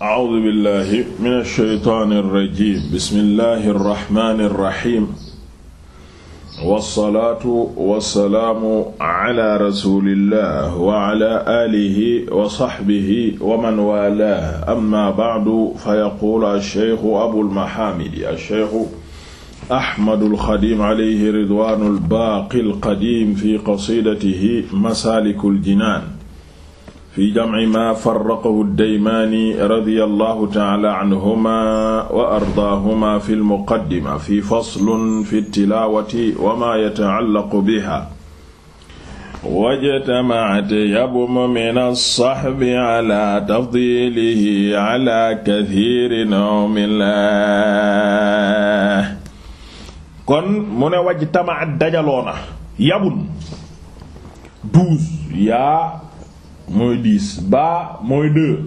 a'uudu billahi mina shaytaani rajiim bismillahi rahmaani rahiim. wasalaatu wasalaamu ala rasulillah wa ala aalihi wa saxbihi wa man waalaahu amma ba'du fa yaquulu ash-shaykhu abul mahaamidi ash-shaykhu ahmadul xadiim alayhi ridwaanul baaqil qadiim fi qasiidatihi masaalikul jinaan fi jamci ma farraqahu ddaymaani radiyallahu taala anhuma wa ardaahuma fi lmuqaddima fi faslun fi tilaawati wa ma yataallaqu biha wajtamacat yabmu min alsaxbi ala tafdilihi ala kathirin minlah kon mu ne wajtamacat dajaloona yabun douze yaa mooy dix baa mooy deux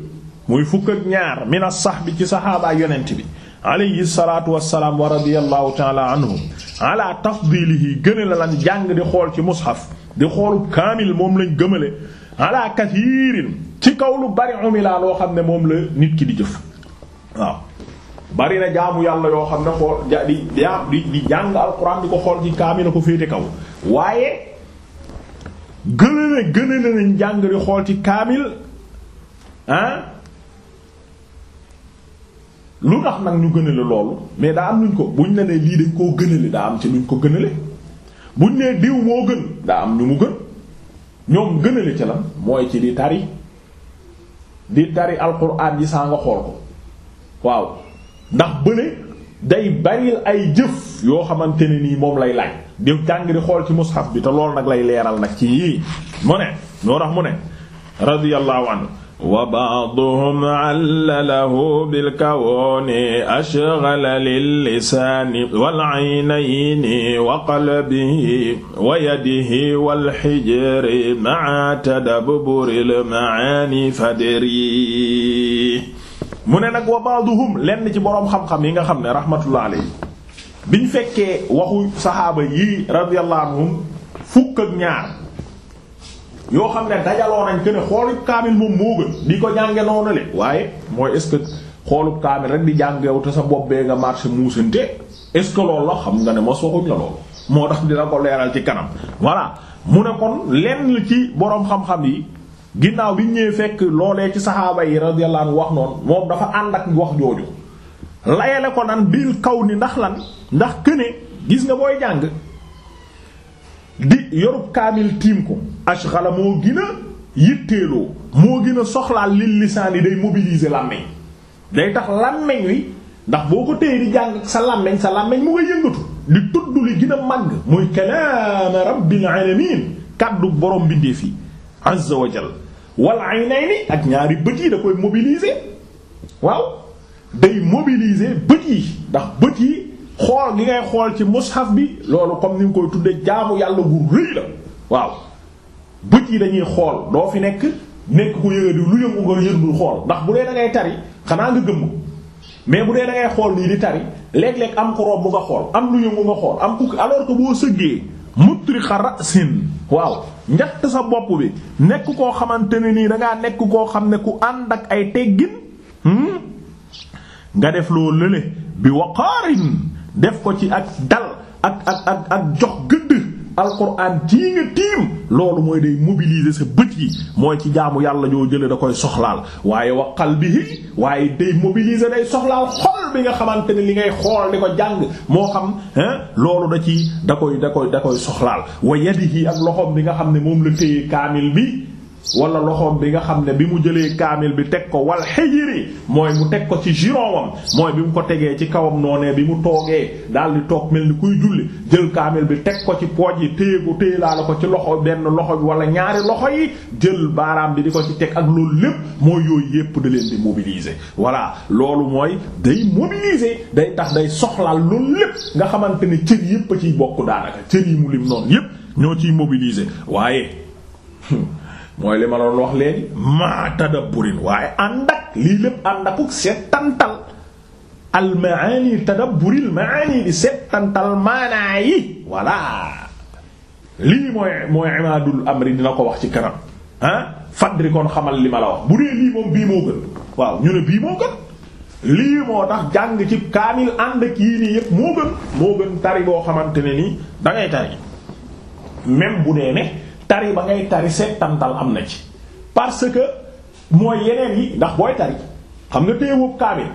muy fukk ak ñaar mina sax bi ci saxaabaay yonent bi alayhi salaatu wassalaam wa radiyallahu taala anhum ala tafdilihi gëne la lan jàng di xool ci mushaf di xoolub kaamil moom lañ gëmale ala kathiirin ci kaw lu bari umila xam ne moom la nit ki di jëf waaw bari na jaamu yàlla yoo xam ne xool di di jàng alxuraan di ko xool ci kaamil ko féete kaw waaye gën a gën nañ jàng di xool ci kaamil ah lu tax nag ñu gënale loolu mais daa am luñ ko buñ la nee lii dañ koo gënale daa am ci luñ ko gënale buñ nee diw moo gën daa am ñu mu gën ñoom gënale ci lan mooy ci di tari di tari alxuraan ji saa nga xool ko waaw ndax bële day baril ay jëf yoo xamante ne nii moom lay laaj di jàng di xool ci mushaf bi te loolu nag lay leeral nag ci yii mu ne ñoo tax mu ne radiyallahu anhu wa ba'duhum 'allalahu bil kawni ashghala lil lisaani wal 'aynayni wa qalbihi wa yadihi wal hijri ma'a tadabburi al ma'ani fadri mu ne nag wa ba'dhum lenn ci boroom xam-xam yi nga xam ne rahmatullah bi ñu fekkee waxu saxaaba yii radiyallahu anhum fukk ak ñaar yoo xam ne dajaloo nañ que ne xoolub kaamil moom moo gën di ko jànge noonu le waaye mooy est que xoolub kaamil rek di jàngew te sa bopp bee nga marché muusante est ce que loolu la xam nga ne mos waxuñ la loolu moo tax dina ko leeral ci kanam voilà mu ne kon lenn ci boroom xam-xam yi ginnaaw bi ñëwee fekk loolee ci saxaaba yi radiyallahu anhu wax noonu moom dafa ànd ak wax jooju layale ko nan bil kaw ni ndax lan ndax këne gis nga booy jàng di yorub kaamil tiim ko ashghala moo gën a yitteeloo moo gën a soxlaal li lisaan yi day mobilise làmmeñ day tax làmmeñ wi ndax boo ko téye di jàng sa làmmeñ sa làmmeñ mu nga yëngatu di tudd li gën a màgg muy kalaama rabbil alamin kàddu borom bindee fii azza wa jalla wal aynayni ak ñaari bët yi da koy mobiliser waaw day mobiliser bët yi ndax bët yi xool gi ngay xool ci mushaf bi loolu comme ni nga koy tuddee jaamu yàlla gu rëy la waaw bët yi dañuy xool doo fi nekk nekk ko yëga di lu yëngu nga yëndul xool ndax bu dee da tari xanaa nga gëmm mais bu dee da xool nii di tari léeg-léeg am ko rob bu nga xool am lu yëngu nga xool am ku alors que boo sëggee mutri xarasin waaw njatt sa bopp bi nekk koo xamante ne nii danga ngaa nekk koo xam ne ku ànd ak ay teggin hmm? nga def loo lële bi waqaarin def ko ci ak dal ak ak ak ak jox alquran jii nga tiim loolu mooy day mobiliser sa bët yi mooy ci jaamu yàlla joo jële da koy soxlaal waaye wa qalbihi waaye day mobiliser day soxlaal xol bi nga xamante ne li ngay xool di ko jàng moo xam loolu da ci da koy da koy da koy soxlaal wa yadihi ak loxoom bi nga xam ne moom la téye kaamil bi wala loxoom bi nga xam ne bi mu jëlee kaamil bi teg ko wal xijiri mooy mu teg ko ci gironwam mooy bi mu ko tegee ci kawam noone bi mu toogee daal di toog mel ni kuy julli jël kaamil bi teg ko ci pooj yi téye ko téye laa la ko ci loxo benn loxo bi wala ñaari loxo yi jël baaraam bi di ko ci teg ak loolu lépp mooy yooyu yépp di leen di mobiliser voilà loolu mooy day mobiliser day tax day soxlaal loolu lépp nga xamante ni cër yépp a ciy bokk daanaka yi mu lim noonu yépp ñoo ciy mobiliser waaye hmm. mooy li ma doon wax léegi ma tadabburin waaye ànd lii lépp ànd akuk settantal al maani di settantal maanaa yi voilà lii mooy mooy imaadul dina ko ci kanam ah fadri kon xamal li bii moo gën waaw ñu ne bii moo gën lii moo tax jàng ci kaamil ànd ak yii nii yëpp moo gën moo gën tari boo xamante ne nii da tari même bu dee ne tari ba ngay tari settantal am na ci parce que mooy yeneen yi ndax booy tari xam nga téyewoo kaamil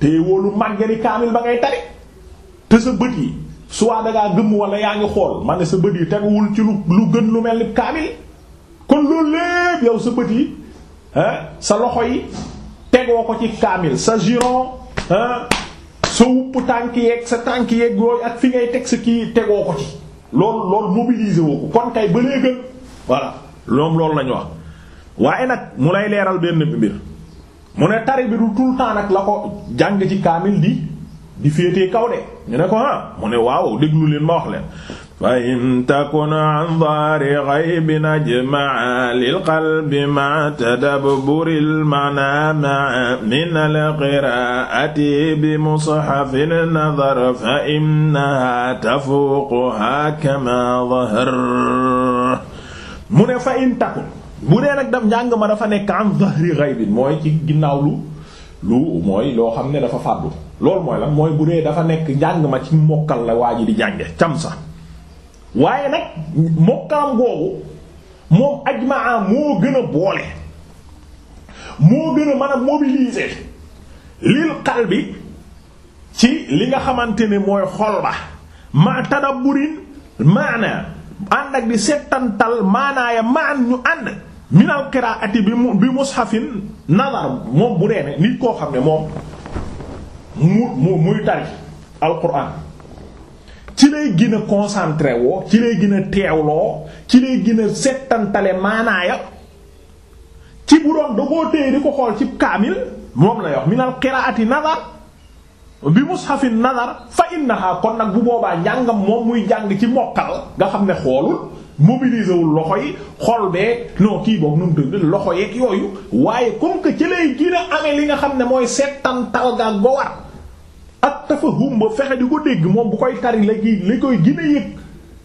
téyewoo lu màggari kaamil ba ngay tari te sa bët yi soit da ngaa gëmm wala yaa ngi xool man ne sa bët yi teguwul ci lu lu gën lu mel ni kaamil kon loolu lépp yow sa bët yi sa loxo yi tegoo ko ci kaamil sa giron sa wupp tànk yeeg sa tànk yeeg yooyu ak fi ngay teg sa kii tegoo ko ci loolu loolu mobiliser woo ko kon kay ba léegi voilà loom loolu lañu wax waaye nag mu lay leeral benn mbir mu ne tari bi du tout le temps nag la ko jàng ci kaamil di di féetee kaw de ñu ne ko ah mu ne waaw déglu leen ma wax leen fa in takun an daari xaybi najmaa lilqalbi ma tadabburil maana maa min alqiraati bi mushafin nadar fa innaha tafuuquha kama dahar mu ne fa in takun bu dee nag daf njàng ma dafa nekk an dahri xaybin mooy ci ginnaaw lu lu mooy loo xam ne dafa fàddu loolu mooy lan mooy bu dee dafa nekk njàng ma ci mokkal la waa ji di jànge cam sax waaye nag mokkaam googu moom ajmaa moo gën a boole moo gën a mën a mobiliser lil qalbi ci li nga xamante ni mooy xol ba ma tadabburin maana ànd ak di settantal maanaaya maan ñu ànd minal qiraati bi bi mushafin nadar moom bu dee nit koo xam ne moom mu mu muy tari alquran ci lay gën a concentré ci lay gina a teewloo ci lay gën a settantale maanaaya ci bu doon da téye di ko xool ci kaamil moom la yox minal qiraati nazar bi xafin nazar fa innaha kon nag bu boobaa njàngam moom muy jàng ci mokkal nga xam ne xoolul mobiliser wul loxo yi xool bee non kii boobu nunu të loxo yeeg yooyu waaye comme que ci lay gën a li nga xam ne mooy settantal ga go war ak tafahum ba fexe di ko dégg moom bu koy tari la gi la koy gën a yëg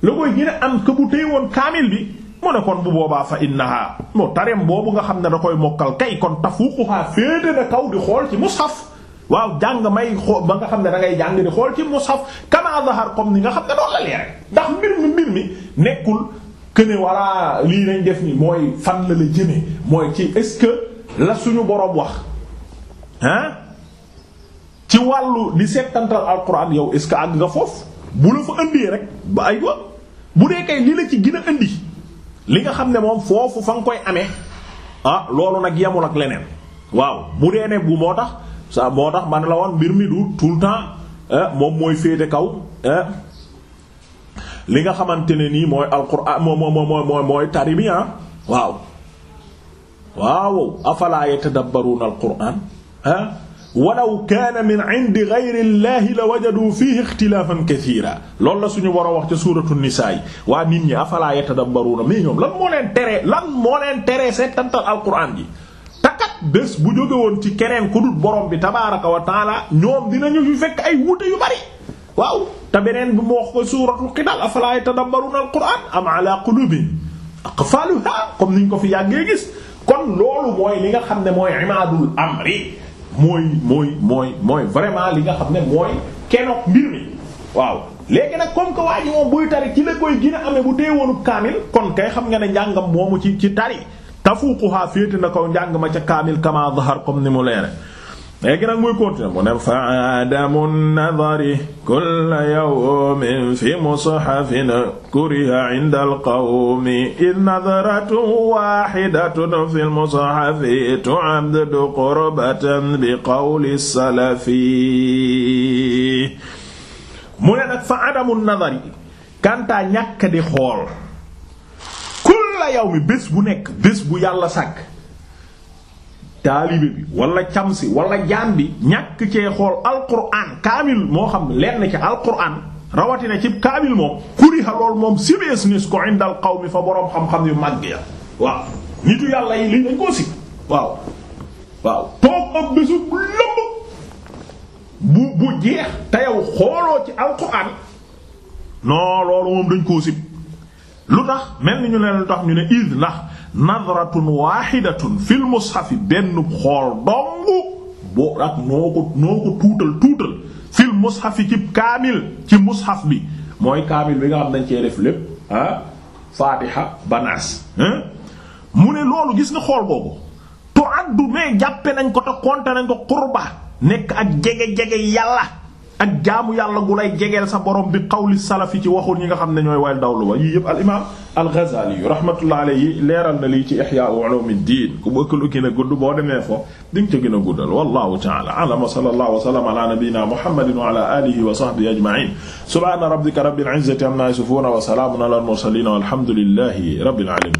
la koy gën am que téye woon kaamil bi mu ne kon bu boobaa fa innaha moo tareem boobu nga xam ne da koy mokkal kay kon tafuquhaa féete na kaw di xool ci mushaf waaw jàng may xool ba nga xam ne da ngay jàng di xool ci mushaf kama zahar comme ni nga xam ne doon la leere ndax mbir mi mbir mi nekkul këne walla lii nañ def ni mooy fan la la jëmee mooy ci est-ce que la suñu boroom wax ci wàllu di settantal alquran yow est àgg nga foofu bu la fa indee rek ba ay wa bu dee kay li la ci gën a li nga xam ne moom foofu fa nga koy amee ah, loolu nag yamul ak leneen waaw bu dee ne bu moo tax sa moo tax man la woon mbir mi du tout le temps eh, moom mooy féete kaw eh, li nga xamante ne nii mooy alquran moo moo moo mooy tari bi ah, waaw waaw afala yatadabbaruna alquran ah eh? walaw kaana min indi gayri llahi la wajadu fihi ixtilaafan kasiira loolu la suñu war a wax ca suuratu nisaa yi waa nit ñi afalaa yatadabbaruuna mais ñoom lan moo leen teree lan moo leen teree seetantal alquran ji takat bés bu jóge woon ci keneen ku dul borom bi tabaaraka wa taala ñoom dinañu yu fekk ay wuute yu bari waaw te beneen bi mu wax ko suuratul qital afalaa yatadabbaruuna alquran am ala qulubin aqfaaluha comme niñ ko fi yàggee gis kon loolu mooy li nga xam ne mooy imaadul amri mooy mooy mooy mooy vraiment li nga xam ne mooy kenoog mbir mi waaw léegi nag comme que waa ji moom buy tari ci la koy gën a amee dee woonu kaamil kon kay xam nga ne njàngam moomu ci ci tari tafuuquhaa féete na kaw njàng ma ca kaamil kama zahar comme ni mu leere léegi nag muy continuer mu ne fa adamu nadari kulla yawmin fi mushafin kuriha inda alqawmi id nadratun wahidatun fi lmushafi tu'addu qurbatan bi qawli salafi mu ne nag fa adamu nadari kantaa ñàkk di xool kulla yawmi bés bu nekk bés bu yàlla sàkk taalibe bi wala camsi walla jaam bi ñàkk cee xool alquran kaamil moo xam lenn ci alquran rawatina ci kaamil moom kuriha lool moom sibees nis ko fa boroom xam yu màgg waaw nitu yàlla yi lii dañ koo si waaw waaw toog ak bésu lëmb bu jeex te xooloo ci alquran non loolu moom dañ koo sib lu tax mel ni ñu leen lu tax ñu ne id ndax nadratun waaxidatun fil mushafi benn xool dong boo ak noo ko noo ko tuutal tuutal fil mushafi ci kaamil ci mushaf bi mooy kaamil bi nga xam dañ cee def lépp ah faatiha banaas mu ne loolu gis nga xool boobu to addu mais jàppe nañ ko te konte nañ ko qurba nekk ak jege-jege yàlla ak jaamu yàlla gu lay jegeel sa borom bi xawli salafi ci waxul ñi nga xam ne ñooy wayl dawlu wa yii yëpp al imam al Ghazali yu rahmatullah alayhi leeral na lii ci ihya ulumuddin ku bëkk lu gën a gudd boo demee fo di nga ca gën a guddal wallahu ta'ala a'lam wa sallallahu wa sallama ala nabiyyina muhammadin wa ala alihi wa sahbihi ajma'in subhana rabbika rabbil izzati amma yasifun wa salamun ala al mursalin walhamdulillahi rabbil alamin